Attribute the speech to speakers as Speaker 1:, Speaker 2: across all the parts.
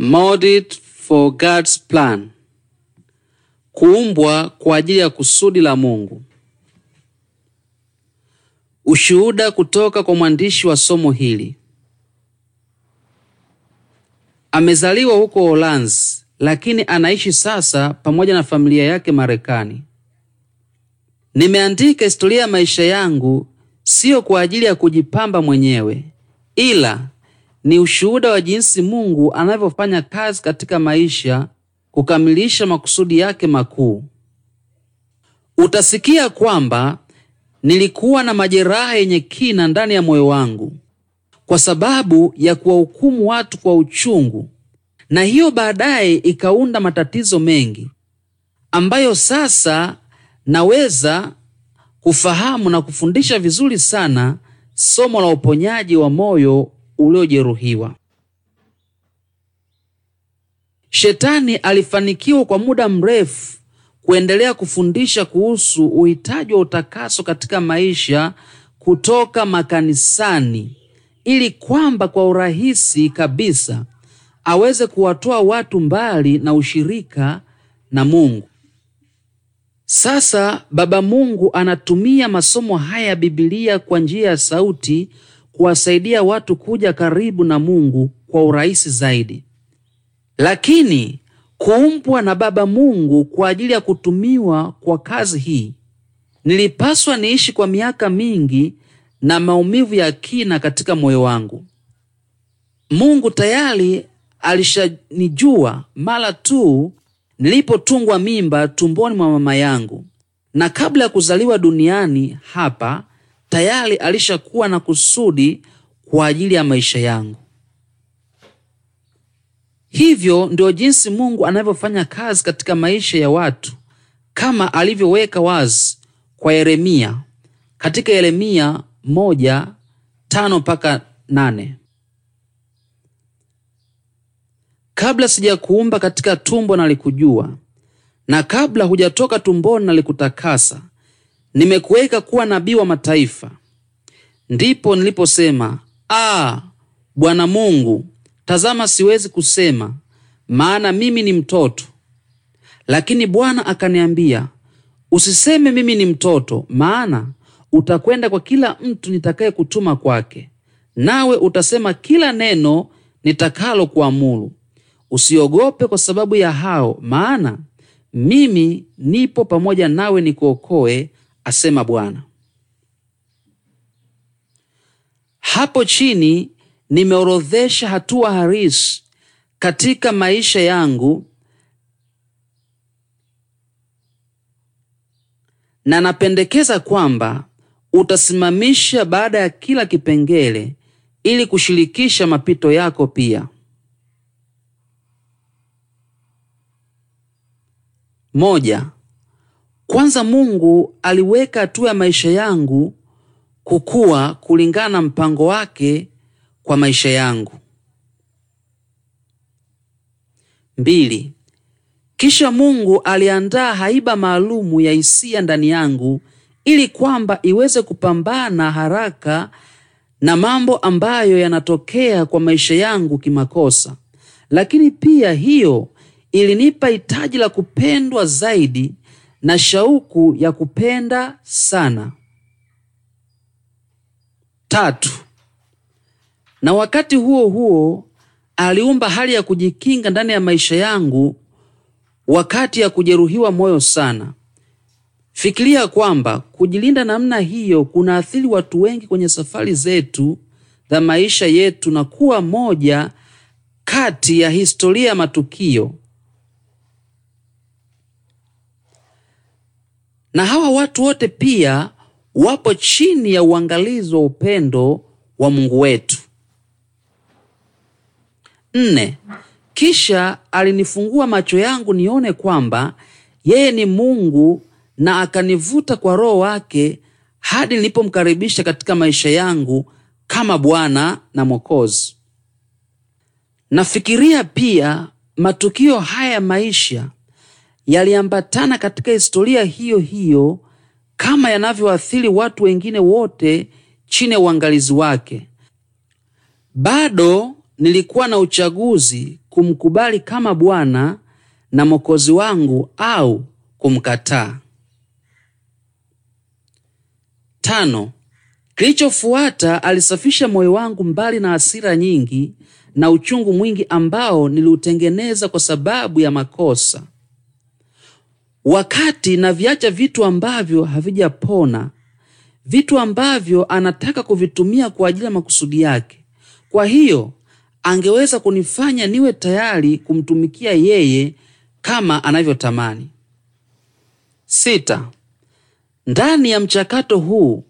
Speaker 1: Molded for God's plan, kuumbwa kwa ajili ya kusudi la Mungu. Ushuhuda kutoka kwa mwandishi wa somo hili. Amezaliwa huko Holanzi, lakini anaishi sasa pamoja na familia yake Marekani. Nimeandika historia ya maisha yangu siyo kwa ajili ya kujipamba mwenyewe, ila ni ushuhuda wa jinsi Mungu anavyofanya kazi katika maisha kukamilisha makusudi yake makuu. Utasikia kwamba nilikuwa na majeraha yenye kina ndani ya moyo wangu kwa sababu ya kuwahukumu watu kwa uchungu, na hiyo baadaye ikaunda matatizo mengi ambayo sasa naweza kufahamu na kufundisha vizuri sana somo la uponyaji wa moyo uliojeruhiwa. Shetani alifanikiwa kwa muda mrefu kuendelea kufundisha kuhusu uhitaji wa utakaso katika maisha kutoka makanisani, ili kwamba kwa urahisi kabisa aweze kuwatoa watu mbali na ushirika na Mungu. Sasa Baba Mungu anatumia masomo haya ya Biblia kwa njia ya sauti kuwasaidia watu kuja karibu na Mungu kwa urahisi zaidi. Lakini kuumbwa na Baba Mungu kwa ajili ya kutumiwa kwa kazi hii, nilipaswa niishi kwa miaka mingi na maumivu ya kina katika moyo wangu. Mungu tayari alishanijua mara tu nilipotungwa mimba tumboni mwa mama yangu na kabla ya kuzaliwa duniani hapa tayari alishakuwa na kusudi kwa ajili ya maisha yangu. Hivyo ndio jinsi Mungu anavyofanya kazi katika maisha ya watu kama alivyoweka wazi kwa Yeremia katika Yeremia moja tano mpaka nane. Kabla sijakuumba katika tumbo nalikujua, na kabla hujatoka tumboni nalikutakasa nimekuweka kuwa nabii wa mataifa. Ndipo niliposema, Aa, Bwana Mungu, tazama, siwezi kusema, maana mimi ni mtoto. Lakini Bwana akaniambia, usiseme mimi ni mtoto, maana utakwenda kwa kila mtu nitakaye kutuma kwake, nawe utasema kila neno nitakalo kuamulu Usiogope kwa sababu ya hao, maana mimi nipo pamoja nawe, nikuokoe, asema Bwana. Hapo chini nimeorodhesha hatua halisi katika maisha yangu na napendekeza kwamba utasimamisha baada ya kila kipengele ili kushirikisha mapito yako pia. Moja, kwanza Mungu aliweka hatua ya maisha yangu kukua kulingana na mpango wake kwa maisha yangu. Mbili, kisha Mungu aliandaa haiba maalumu ya hisia ndani yangu ili kwamba iweze kupambana haraka na mambo ambayo yanatokea kwa maisha yangu kimakosa. Lakini pia hiyo ilinipa hitaji la kupendwa zaidi na shauku ya kupenda sana. Tatu, na wakati huo huo aliumba hali ya kujikinga ndani ya maisha yangu wakati ya kujeruhiwa moyo sana. Fikiria kwamba kujilinda namna hiyo kunaathiri watu wengi kwenye safari zetu za maisha yetu na kuwa moja kati ya historia ya matukio na hawa watu wote pia wapo chini ya uangalizi wa upendo wa Mungu wetu. Nne, kisha alinifungua macho yangu nione kwamba yeye ni Mungu na akanivuta kwa Roho wake hadi nilipomkaribisha katika maisha yangu kama Bwana na Mwokozi. Nafikiria pia matukio haya maisha yaliambatana katika historia hiyo hiyo kama yanavyoathiri watu wengine wote chini ya uangalizi wake. Bado nilikuwa na uchaguzi kumkubali kama Bwana na Mwokozi wangu au kumkataa. Tano, kilichofuata alisafisha moyo wangu mbali na hasira nyingi na uchungu mwingi ambao niliutengeneza kwa sababu ya makosa wakati na viacha vitu ambavyo havijapona, vitu ambavyo anataka kuvitumia kwa ajili ya makusudi yake. Kwa hiyo angeweza kunifanya niwe tayari kumtumikia yeye kama anavyotamani. Sita, ndani ya mchakato huu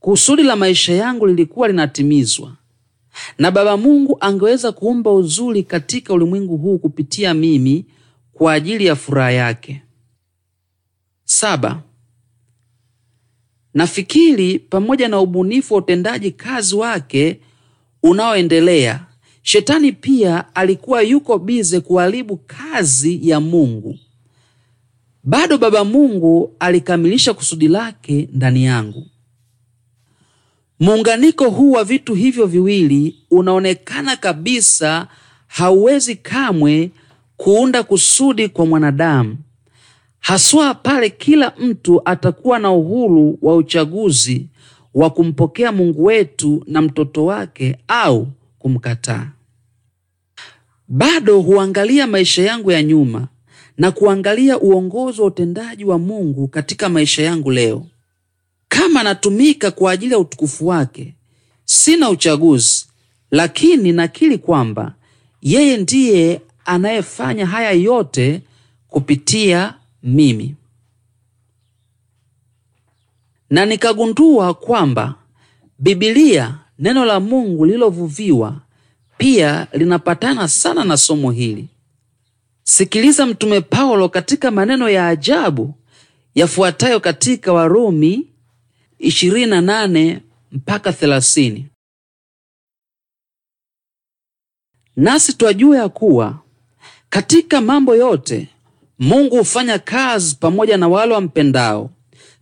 Speaker 1: kusudi la maisha yangu lilikuwa linatimizwa, na Baba Mungu angeweza kuumba uzuri katika ulimwengu huu kupitia mimi kwa ajili ya furaha yake. Saba, nafikiri pamoja na ubunifu wa utendaji kazi wake unaoendelea, shetani pia alikuwa yuko bize kuharibu kazi ya Mungu. Bado Baba Mungu alikamilisha kusudi lake ndani yangu. Muunganiko huu wa vitu hivyo viwili unaonekana kabisa hauwezi kamwe kuunda kusudi kwa mwanadamu haswa pale kila mtu atakuwa na uhuru wa uchaguzi wa kumpokea Mungu wetu na mtoto wake au kumkataa. Bado huangalia maisha yangu ya nyuma na kuangalia uongozi wa utendaji wa Mungu katika maisha yangu leo. Kama natumika kwa ajili ya utukufu wake, sina uchaguzi, lakini nakiri kwamba yeye ndiye anayefanya haya yote kupitia mimi. Na nikagundua kwamba Biblia, neno la Mungu lililovuviwa, pia linapatana sana na somo hili. Sikiliza Mtume Paulo katika maneno ya ajabu yafuatayo katika Warumi 28 mpaka 30: nasi twajua ya kuwa katika mambo yote Mungu hufanya kazi pamoja na wale wampendao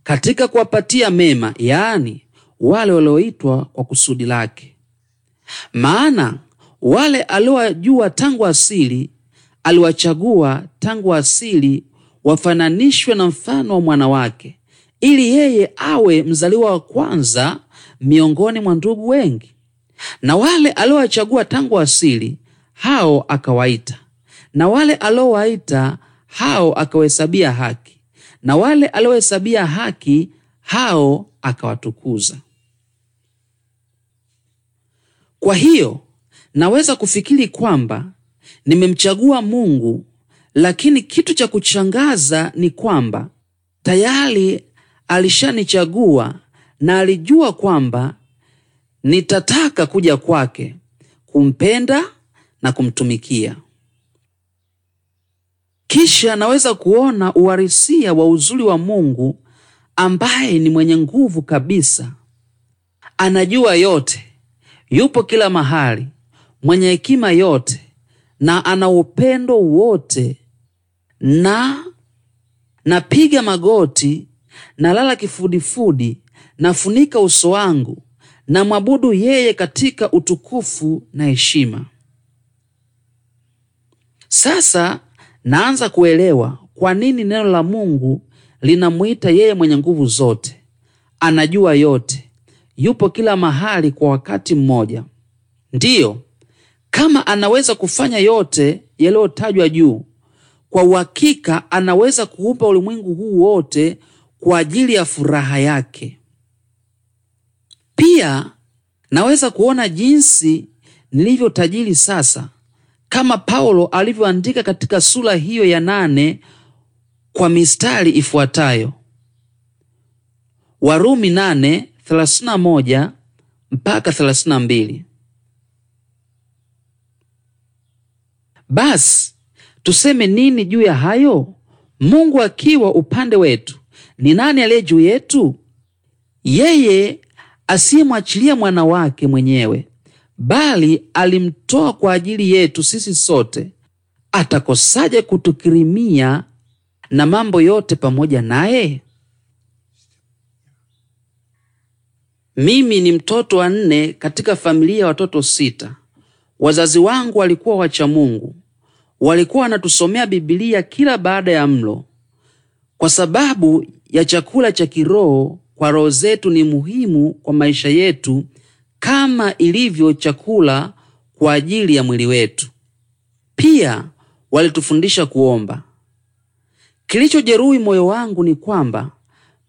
Speaker 1: katika kuwapatia mema, yaani wale walioitwa kwa kusudi lake. Maana wale aliowajua tangu asili aliwachagua tangu asili wafananishwe na mfano wa mwana wake, ili yeye awe mzaliwa wa kwanza miongoni mwa ndugu wengi. Na wale aliowachagua tangu asili hao akawaita, na wale aliowaita hao akawahesabia haki, na wale aliohesabia haki hao akawatukuza. Kwa hiyo naweza kufikiri kwamba nimemchagua Mungu, lakini kitu cha kuchangaza ni kwamba tayari alishanichagua na alijua kwamba nitataka kuja kwake, kumpenda na kumtumikia. Kisha naweza kuona uharisia wa uzuri wa Mungu ambaye ni mwenye nguvu kabisa, anajua yote, yupo kila mahali, mwenye hekima yote, na ana upendo wote, na napiga magoti, nalala kifudifudi, nafunika uso wangu, na mwabudu yeye katika utukufu na heshima. Sasa naanza kuelewa kwa nini neno la Mungu linamwita yeye mwenye nguvu zote, anajua yote, yupo kila mahali kwa wakati mmoja. Ndiyo, kama anaweza kufanya yote yaliyotajwa juu, kwa uhakika anaweza kuumba ulimwengu huu wote kwa ajili ya furaha yake. Pia naweza kuona jinsi nilivyo tajiri sasa kama Paulo alivyoandika katika sura hiyo ya nane kwa mistari ifuatayo: Warumi nane moja mpaka mbili. Basi tuseme nini juu ya hayo? Mungu akiwa upande wetu, ni nani aliye juu yetu? Yeye asiyemwachilia mwana wake mwenyewe bali alimtoa kwa ajili yetu sisi sote, atakosaje kutukirimia na mambo yote pamoja naye? Mimi ni mtoto wa nne katika familia ya watoto sita. Wazazi wangu walikuwa wacha Mungu, walikuwa wanatusomea Bibilia kila baada ya mlo, kwa sababu ya chakula cha kiroho kwa roho zetu ni muhimu kwa maisha yetu kama ilivyo chakula kwa ajili ya mwili wetu. Pia walitufundisha kuomba. Kilichojeruhi moyo wangu ni kwamba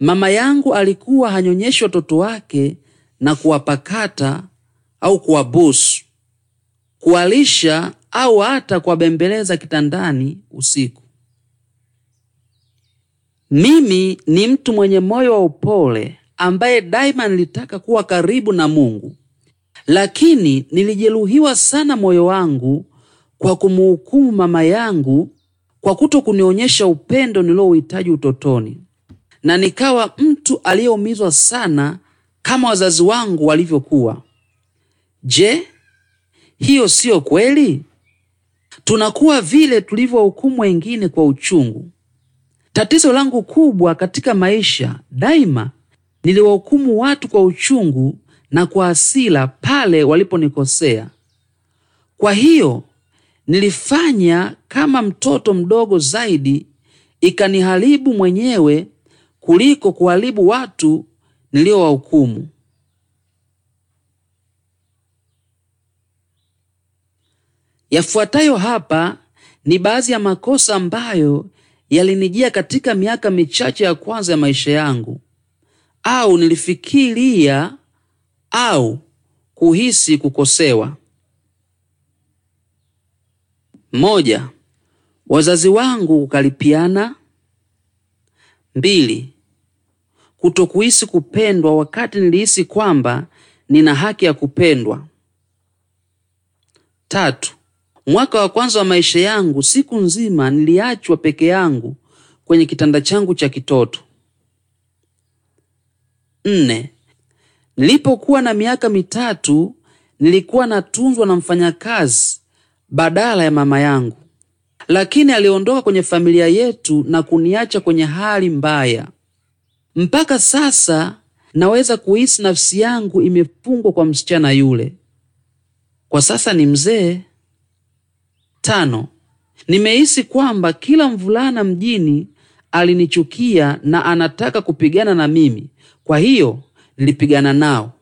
Speaker 1: mama yangu alikuwa hanyonyeshi watoto wake na kuwapakata au kuwabusu, kuwalisha au hata kuwabembeleza kitandani usiku. Mimi ni mtu mwenye moyo wa upole ambaye daima nilitaka kuwa karibu na Mungu lakini nilijeruhiwa sana moyo wangu kwa kumuhukumu mama yangu kwa kuto kunionyesha upendo nilouhitaji utotoni, na nikawa mtu aliyeumizwa sana kama wazazi wangu walivyokuwa. Je, hiyo siyo kweli? Tunakuwa vile tulivyohukumu wengine kwa uchungu. Tatizo langu kubwa katika maisha, daima niliwahukumu watu kwa uchungu na kwa hasira pale waliponikosea. Kwa hiyo nilifanya kama mtoto mdogo zaidi, ikaniharibu mwenyewe kuliko kuharibu watu niliowahukumu. Yafuatayo hapa ni baadhi ya makosa ambayo yalinijia katika miaka michache ya kwanza ya maisha yangu, au nilifikiria au kuhisi kukosewa. Moja, wazazi wangu kukaripiana. Mbili, kutokuhisi kupendwa wakati nilihisi kwamba nina haki ya kupendwa. Tatu, mwaka wa kwanza wa maisha yangu, siku nzima niliachwa peke yangu kwenye kitanda changu cha kitoto. Nne, Nilipokuwa na miaka mitatu nilikuwa natunzwa na mfanyakazi badala ya mama yangu, lakini aliondoka kwenye familia yetu na kuniacha kwenye hali mbaya. Mpaka sasa naweza kuhisi nafsi yangu imefungwa kwa msichana yule. Kwa sasa ni mzee. Tano, nimehisi kwamba kila mvulana mjini alinichukia na anataka kupigana na mimi, kwa hiyo nilipigana nao.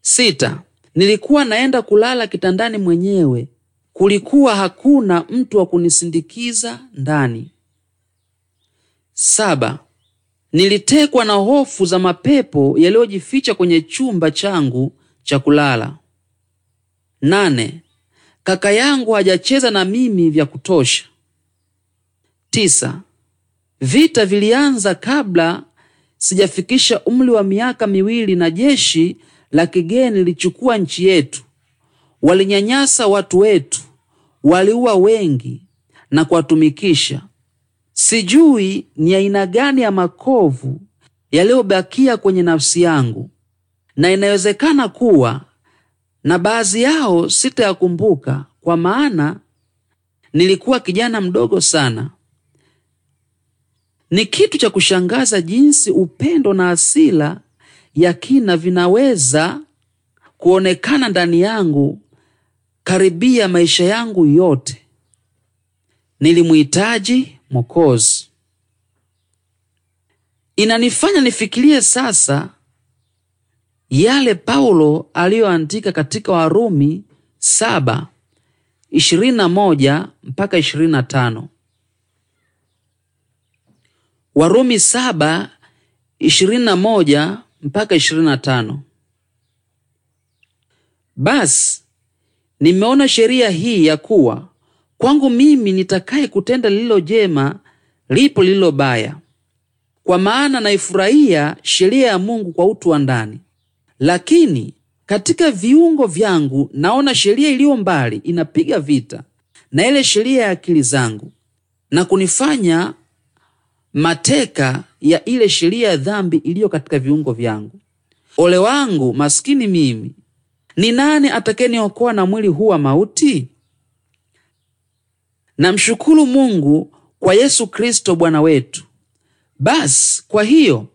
Speaker 1: Sita, nilikuwa naenda kulala kitandani mwenyewe, kulikuwa hakuna mtu wa kunisindikiza ndani. Saba, nilitekwa na hofu za mapepo yaliyojificha kwenye chumba changu cha kulala. Nane, kaka yangu hajacheza na mimi vya kutosha. Tisa, vita vilianza kabla sijafikisha umri wa miaka miwili na jeshi la kigeni lichukua nchi yetu. Walinyanyasa watu wetu, waliua wengi na kuwatumikisha. Sijui ni aina gani ya makovu yaliyobakia kwenye nafsi yangu, na inawezekana kuwa na baadhi yao sitayakumbuka, kwa maana nilikuwa kijana mdogo sana. Ni kitu cha kushangaza jinsi upendo na asila ya kina vinaweza kuonekana ndani yangu karibia maisha yangu yote. Nilimhitaji Mwokozi. Inanifanya nifikirie sasa yale Paulo aliyoandika katika Warumi saba mpaka Warumi saba moja mpaka ishirini tano. Basi nimeona sheria hii ya kuwa kwangu mimi nitakaye kutenda lililo jema lipo lililo baya. Kwa maana naifurahia sheria ya Mungu kwa utu wa ndani, lakini katika viungo vyangu naona sheria iliyo mbali inapiga vita na ile sheria ya akili zangu na kunifanya mateka ya ile sheria ya dhambi iliyo katika viungo vyangu. Ole wangu maskini mimi! Ni nani atakayeniokoa na mwili huu wa mauti? Namshukuru Mungu kwa Yesu Kristo Bwana wetu. Basi kwa hiyo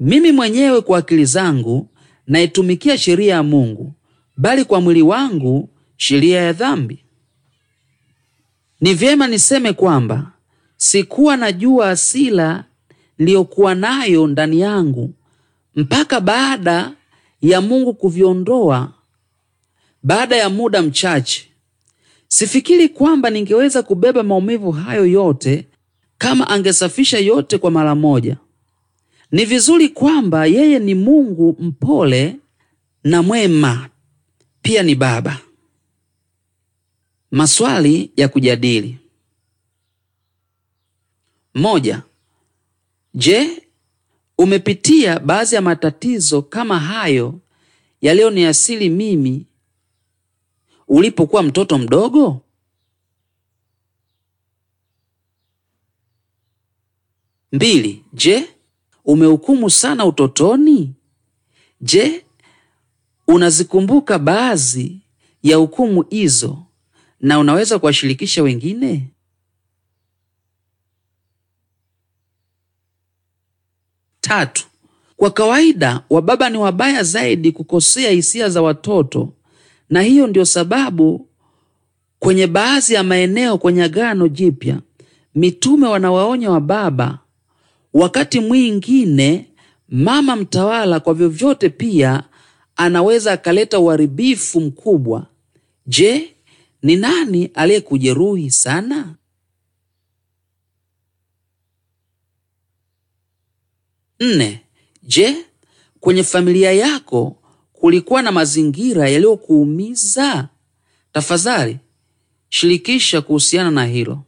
Speaker 1: mimi mwenyewe kwa akili zangu naitumikia sheria ya Mungu, bali kwa mwili wangu sheria ya dhambi. Ni vyema niseme kwamba sikuwa najua asila niliyokuwa nayo ndani yangu mpaka baada ya Mungu kuviondoa baada ya muda mchache. Sifikiri kwamba ningeweza kubeba maumivu hayo yote kama angesafisha yote kwa mara moja. Ni vizuri kwamba yeye ni Mungu mpole na mwema, pia ni Baba. Maswali ya kujadili. Moja, je, umepitia baadhi ya matatizo kama hayo yaliyoniasili mimi ulipokuwa mtoto mdogo? Mbili, je, umehukumu sana utotoni? Je, unazikumbuka baadhi ya hukumu hizo na unaweza kuwashirikisha wengine? tatu. Kwa kawaida wababa ni wabaya zaidi kukosea hisia za watoto, na hiyo ndio sababu kwenye baadhi ya maeneo kwenye Agano Jipya mitume wanawaonya wababa, wakati mwingine mama mtawala kwa vyovyote pia anaweza akaleta uharibifu mkubwa. Je, ni nani aliyekujeruhi sana? Nne, je, kwenye familia yako kulikuwa na mazingira yaliyokuumiza? Tafadhali shirikisha kuhusiana na hilo.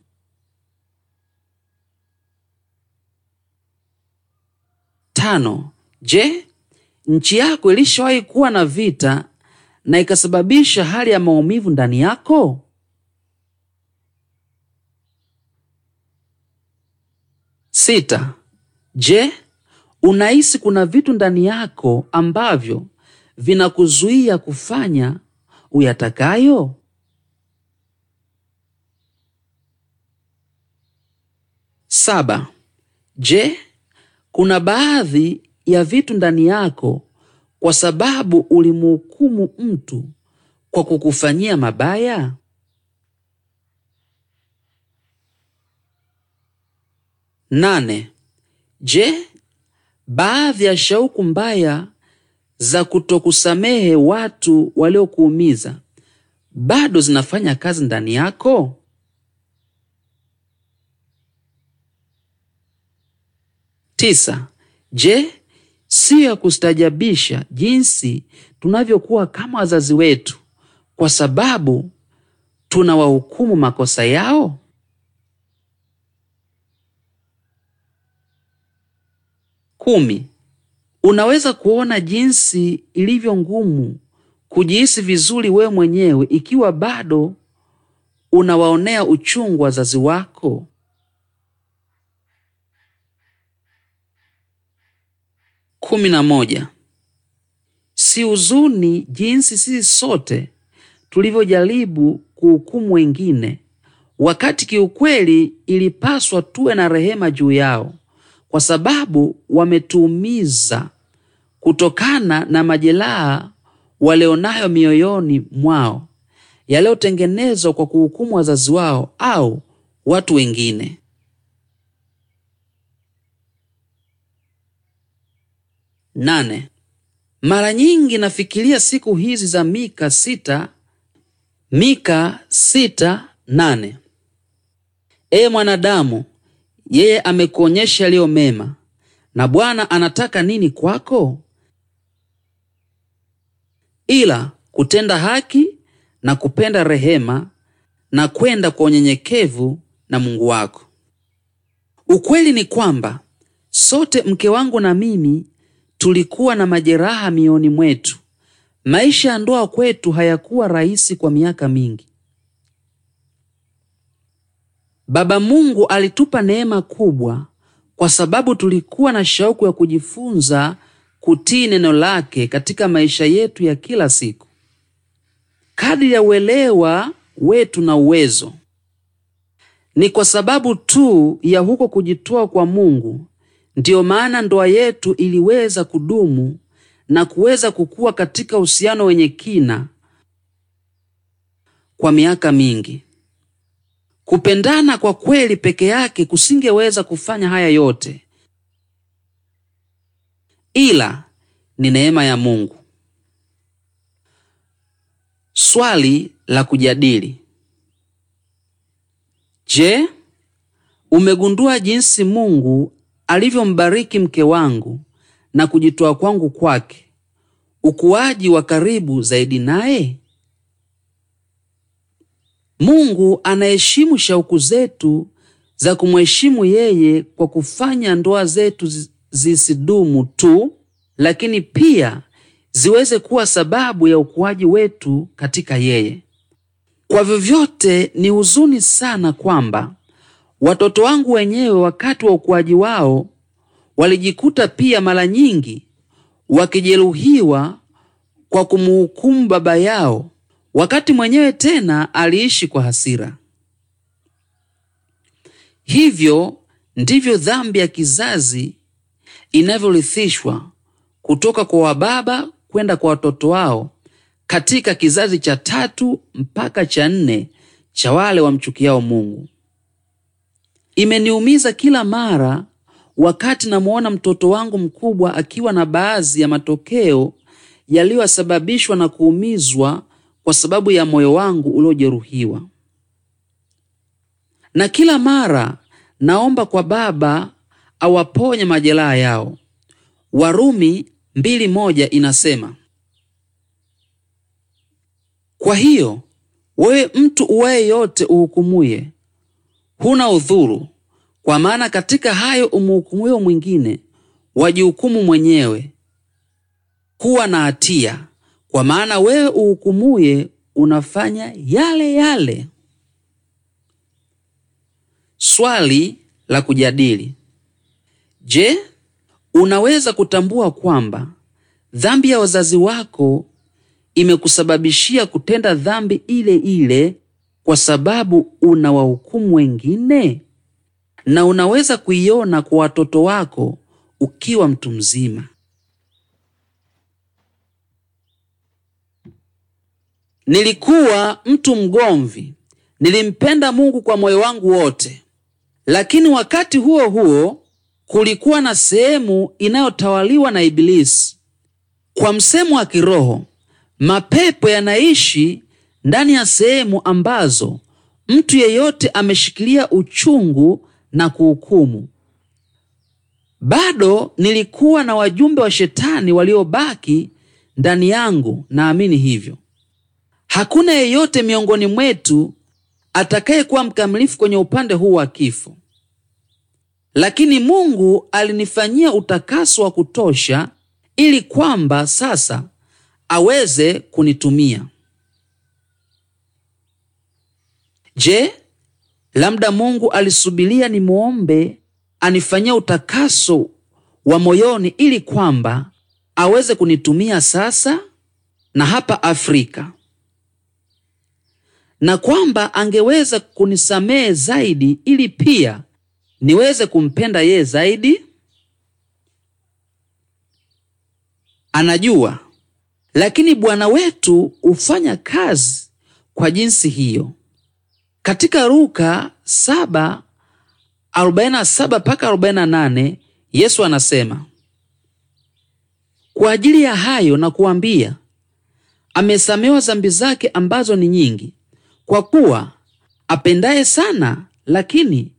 Speaker 1: Tano, je, nchi yako ilishawahi kuwa na vita na ikasababisha hali ya maumivu ndani yako? Sita, je unahisi kuna vitu ndani yako ambavyo vinakuzuia kufanya uyatakayo? Saba. Je, kuna baadhi ya vitu ndani yako kwa sababu ulimhukumu mtu kwa kukufanyia mabaya? Nane. Je, baadhi ya shauku mbaya za kutokusamehe watu waliokuumiza bado zinafanya kazi ndani yako? Tisa. Je, siyo ya kustajabisha jinsi tunavyokuwa kama wazazi wetu kwa sababu tunawahukumu makosa yao? kumi, unaweza kuona jinsi ilivyo ngumu kujihisi vizuri we mwenyewe ikiwa bado unawaonea uchungu wazazi wako. Kumi na moja. Si huzuni jinsi sisi sote tulivyojaribu kuhukumu wengine, wakati kiukweli ilipaswa tuwe na rehema juu yao kwa sababu wametuumiza kutokana na majeraha walionayo mioyoni mwao yaliyotengenezwa kwa kuhukumu wazazi wao au watu wengine. Nane. Mara nyingi nafikiria siku hizi za Mika sita, Mika sita nane. E mwanadamu, yeye amekuonyesha yaliyo mema. Na Bwana anataka nini kwako? Ila kutenda haki na kupenda rehema na kwenda kwa unyenyekevu na Mungu wako. Ukweli ni kwamba sote mke wangu na mimi tulikuwa na majeraha mioni mwetu. Maisha ya ndoa kwetu hayakuwa rahisi kwa miaka mingi. Baba Mungu alitupa neema kubwa kwa sababu tulikuwa na shauku ya kujifunza kutii neno lake katika maisha yetu ya kila siku kadri ya uelewa wetu na uwezo. Ni kwa sababu tu ya huko kujitoa kwa Mungu ndiyo maana ndoa yetu iliweza kudumu na kuweza kukua katika uhusiano wenye kina kwa miaka mingi. Kupendana kwa kweli peke yake kusingeweza kufanya haya yote, ila ni neema ya Mungu. Swali la kujadili: Je, umegundua jinsi Mungu alivyombariki mke wangu na kujitoa kwangu kwake, ukuaji wa karibu zaidi naye? Mungu anaheshimu shauku zetu za kumheshimu yeye kwa kufanya ndoa zetu zisidumu tu, lakini pia ziweze kuwa sababu ya ukuaji wetu katika yeye. Kwa vyovyote, ni huzuni sana kwamba watoto wangu wenyewe wakati wa ukuaji wao walijikuta pia mara nyingi wakijeruhiwa kwa kumhukumu baba yao wakati mwenyewe tena aliishi kwa hasira. Hivyo ndivyo dhambi ya kizazi inavyorithishwa kutoka kwa wababa kwenda kwa watoto wao katika kizazi cha tatu mpaka cha nne cha wale wamchukiao Mungu. Imeniumiza kila mara wakati namwona mtoto wangu mkubwa akiwa na baadhi ya matokeo yaliyosababishwa na kuumizwa kwa sababu ya moyo wangu uliojeruhiwa, na kila mara naomba kwa Baba awaponye majeraha yao. Warumi mbili moja inasema, kwa hiyo wewe mtu uwaye yote uhukumuye, huna udhuru, kwa maana katika hayo umuhukumuyo mwingine wajihukumu mwenyewe kuwa na hatia. Kwa maana wewe uhukumuye unafanya yale yale. Swali la kujadili: Je, unaweza kutambua kwamba dhambi ya wazazi wako imekusababishia kutenda dhambi ile ile kwa sababu una wahukumu wengine? Na unaweza kuiona kwa watoto wako ukiwa mtu mzima. Nilikuwa mtu mgomvi, nilimpenda Mungu kwa moyo wangu wote, lakini wakati huo huo kulikuwa na sehemu inayotawaliwa na Ibilisi. Kwa msemo wa kiroho, mapepo yanaishi ndani ya sehemu ambazo mtu yeyote ameshikilia uchungu na kuhukumu. Bado nilikuwa na wajumbe wa shetani waliobaki ndani yangu, naamini hivyo. Hakuna yeyote miongoni mwetu atakayekuwa mkamilifu kwenye upande huu wa kifo, lakini Mungu alinifanyia utakaso wa kutosha ili kwamba sasa aweze kunitumia. Je, labda Mungu alisubilia nimuombe anifanyia utakaso wa moyoni ili kwamba aweze kunitumia sasa na hapa Afrika? na kwamba angeweza kunisamehe zaidi ili pia niweze kumpenda yeye zaidi. Anajua, lakini Bwana wetu hufanya kazi kwa jinsi hiyo. Katika Luka 7:47 mpaka 48, Yesu anasema, kwa ajili ya hayo na kuambia amesamewa dhambi zake ambazo ni nyingi, kwa kuwa apendaye sana lakini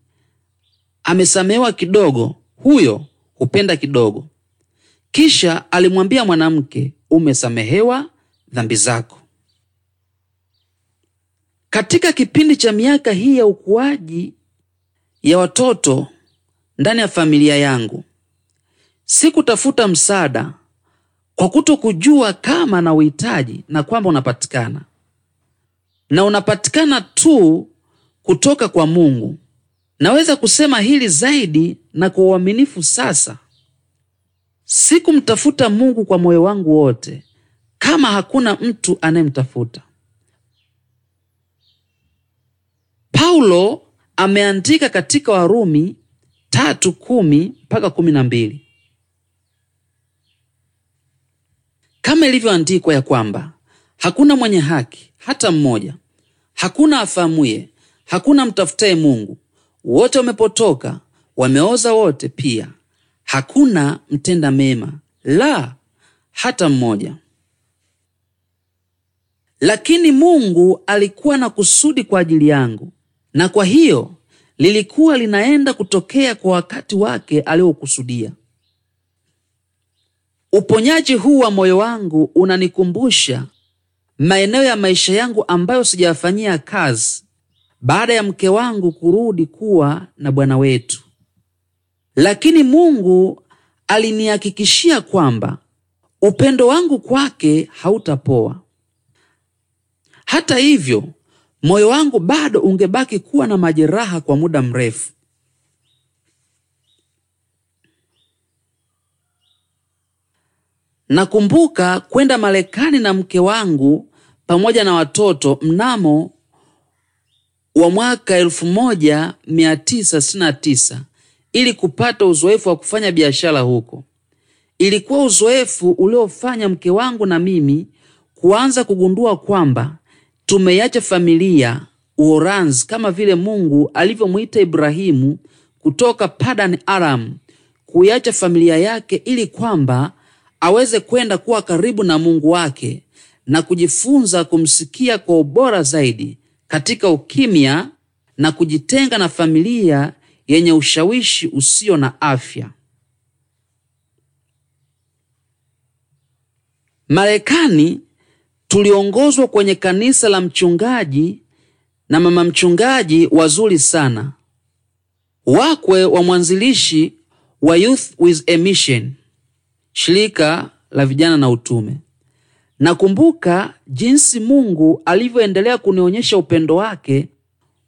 Speaker 1: amesamehewa kidogo, huyo hupenda kidogo. Kisha alimwambia mwanamke, umesamehewa dhambi zako. Katika kipindi cha miaka hii ya ukuaji ya watoto ndani ya familia yangu, sikutafuta msaada kwa kuto kujua kama na uhitaji na kwamba unapatikana na unapatikana tu kutoka kwa Mungu. Naweza kusema hili zaidi na kwa uaminifu sasa. Sikumtafuta Mungu kwa moyo wangu wote kama hakuna mtu anayemtafuta. Paulo ameandika katika Warumi tatu kumi mpaka kumi na mbili kama ilivyoandikwa ya kwamba hakuna mwenye haki hata mmoja, Hakuna afahamuye, hakuna mtafutaye Mungu. Wote wamepotoka, wameoza wote pia. Hakuna mtenda mema, la hata mmoja. Lakini Mungu alikuwa na kusudi kwa ajili yangu, na kwa hiyo lilikuwa linaenda kutokea kwa wakati wake aliokusudia. Uponyaji huu wa moyo wangu unanikumbusha maeneo ya maisha yangu ambayo sijayafanyia kazi baada ya mke wangu kurudi kuwa na Bwana wetu. Lakini Mungu alinihakikishia kwamba upendo wangu kwake hautapoa. Hata hivyo, moyo wangu bado ungebaki kuwa na majeraha kwa muda mrefu. Nakumbuka kwenda Marekani na mke wangu pamoja na watoto mnamo wa mwaka 1969 ili kupata uzoefu wa kufanya biashara huko. Ilikuwa uzoefu uliofanya mke wangu na mimi kuanza kugundua kwamba tumeiacha familia Uholanzi kama vile Mungu alivyomwita Ibrahimu kutoka Padan Aram, kuiacha familia yake ili kwamba aweze kwenda kuwa karibu na Mungu wake na kujifunza kumsikia kwa ubora zaidi katika ukimya na kujitenga na familia yenye ushawishi usio na afya. Marekani tuliongozwa kwenye kanisa la mchungaji na mama mchungaji wazuri sana, wakwe wa mwanzilishi wa Youth with a Mission, shirika la vijana na utume. Nakumbuka jinsi Mungu alivyoendelea kunionyesha upendo wake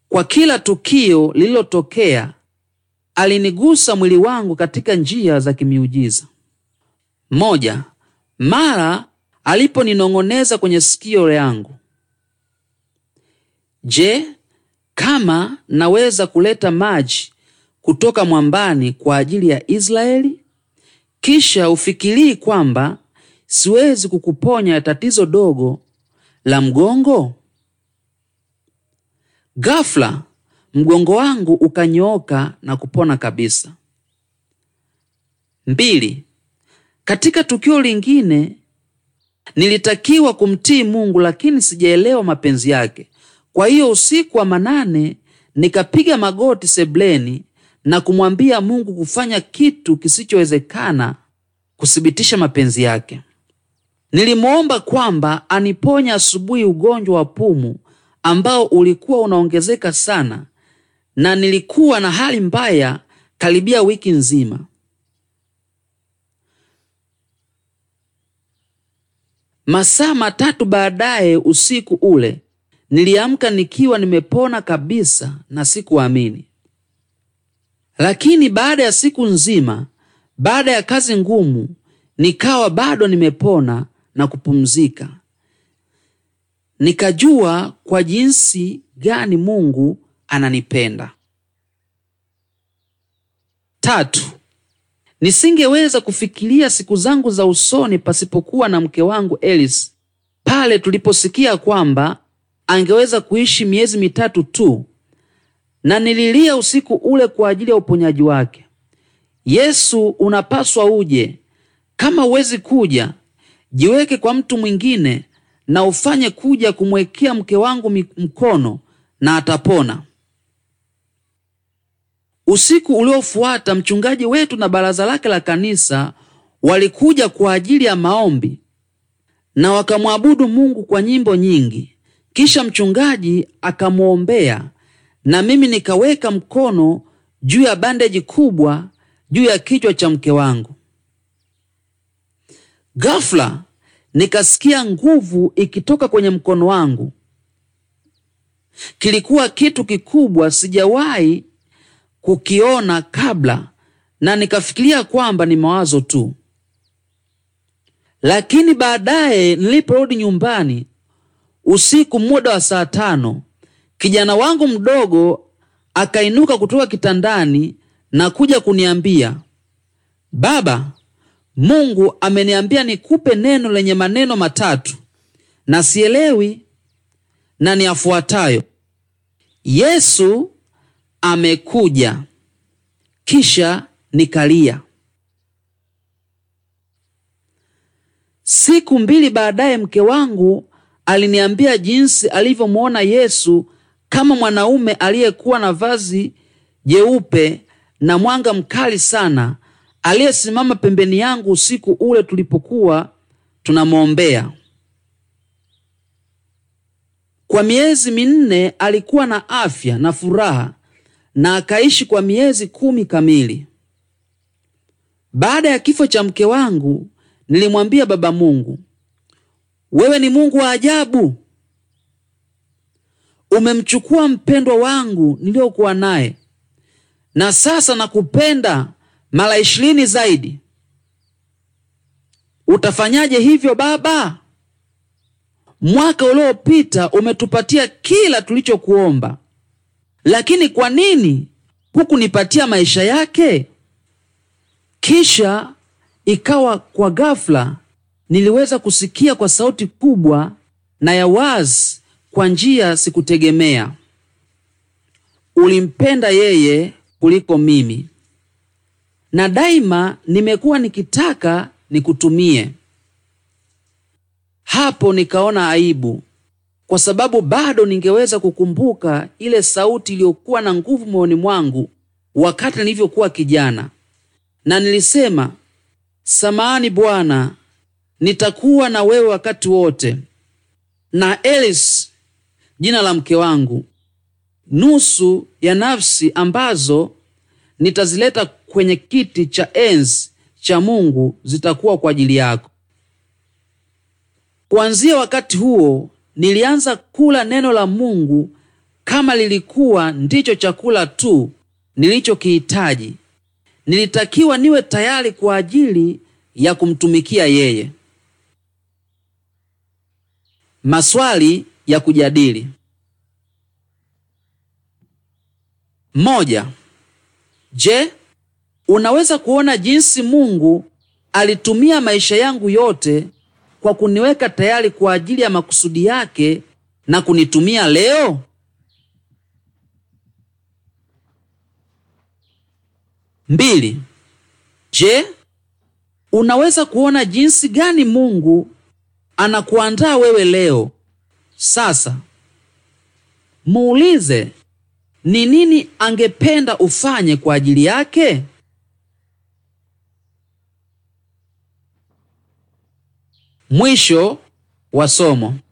Speaker 1: kwa kila tukio lililotokea. Alinigusa mwili wangu katika njia za kimiujiza. Moja, mara aliponinong'oneza kwenye sikio yangu, je, kama naweza kuleta maji kutoka mwambani kwa ajili ya Israeli? Kisha ufikirii kwamba siwezi kukuponya tatizo dogo la mgongo? Ghafla mgongo wangu ukanyooka na kupona kabisa. Mbili, katika tukio lingine nilitakiwa kumtii Mungu lakini sijaelewa mapenzi yake. Kwa hiyo usiku wa manane nikapiga magoti sebleni na kumwambia Mungu kufanya kitu kisichowezekana kuthibitisha mapenzi yake. Nilimwomba kwamba aniponya asubuhi ugonjwa wa pumu ambao ulikuwa unaongezeka sana, na nilikuwa na hali mbaya karibia wiki nzima. Masaa matatu baadaye, usiku ule, niliamka nikiwa nimepona kabisa na sikuamini. Lakini baada ya siku nzima, baada ya kazi ngumu, nikawa bado nimepona na kupumzika. Nikajua kwa jinsi gani Mungu ananipenda. Tatu, nisingeweza kufikiria siku zangu za usoni pasipokuwa na mke wangu elis Pale tuliposikia kwamba angeweza kuishi miezi mitatu tu, na nililia usiku ule kwa ajili ya uponyaji wake. Yesu, unapaswa uje. Kama uwezi kuja, jiweke kwa mtu mwingine na ufanye kuja kumwekea mke wangu mkono na atapona. Usiku uliofuata mchungaji wetu na baraza lake la kanisa walikuja kwa ajili ya maombi na wakamwabudu Mungu kwa nyimbo nyingi. Kisha mchungaji akamwombea na mimi nikaweka mkono juu ya bandeji kubwa juu ya kichwa cha mke wangu. Ghafla nikasikia nguvu ikitoka kwenye mkono wangu. Kilikuwa kitu kikubwa sijawahi kukiona kabla, na nikafikiria kwamba ni mawazo tu, lakini baadaye niliporudi nyumbani usiku, muda wa saa tano, kijana wangu mdogo akainuka kutoka kitandani na kuja kuniambia, baba, Mungu ameniambia nikupe neno lenye maneno matatu na sielewi na ni afuatayo: Yesu amekuja. Kisha nikalia. Siku mbili baadaye, mke wangu aliniambia jinsi alivyomwona Yesu kama mwanaume aliyekuwa na vazi jeupe na mwanga mkali sana aliyesimama pembeni yangu usiku ule tulipokuwa tunamwombea. Kwa miezi minne alikuwa na afya na furaha na akaishi kwa miezi kumi kamili. Baada ya kifo cha mke wangu, nilimwambia Baba Mungu, wewe ni Mungu wa ajabu. Umemchukua mpendwa wangu niliyokuwa naye, na sasa nakupenda mara ishirini zaidi. Utafanyaje hivyo Baba? Mwaka uliopita umetupatia kila tulichokuomba, lakini kwa nini hukunipatia maisha yake? Kisha ikawa kwa ghafla niliweza kusikia kwa sauti kubwa na ya wazi, kwa njia sikutegemea, ulimpenda yeye kuliko mimi na daima nimekuwa nikitaka nikutumie. Hapo nikaona aibu, kwa sababu bado ningeweza kukumbuka ile sauti iliyokuwa na nguvu moyoni mwangu wakati nilivyokuwa kijana, na nilisema, samahani Bwana, nitakuwa na wewe wakati wote. Na Elis, jina la mke wangu, nusu ya nafsi ambazo nitazileta kwenye kiti cha enzi cha Mungu zitakuwa kwa ajili yako. Kuanzia wakati huo nilianza kula neno la Mungu kama lilikuwa ndicho chakula tu nilichokihitaji. Nilitakiwa niwe tayari kwa ajili ya kumtumikia yeye. Maswali ya kujadili. Moja. Je, Unaweza kuona jinsi Mungu alitumia maisha yangu yote kwa kuniweka tayari kwa ajili ya makusudi yake na kunitumia leo. Mbili. Je, unaweza kuona jinsi gani Mungu anakuandaa wewe leo? Sasa muulize ni nini angependa ufanye kwa ajili yake. Mwisho wa somo.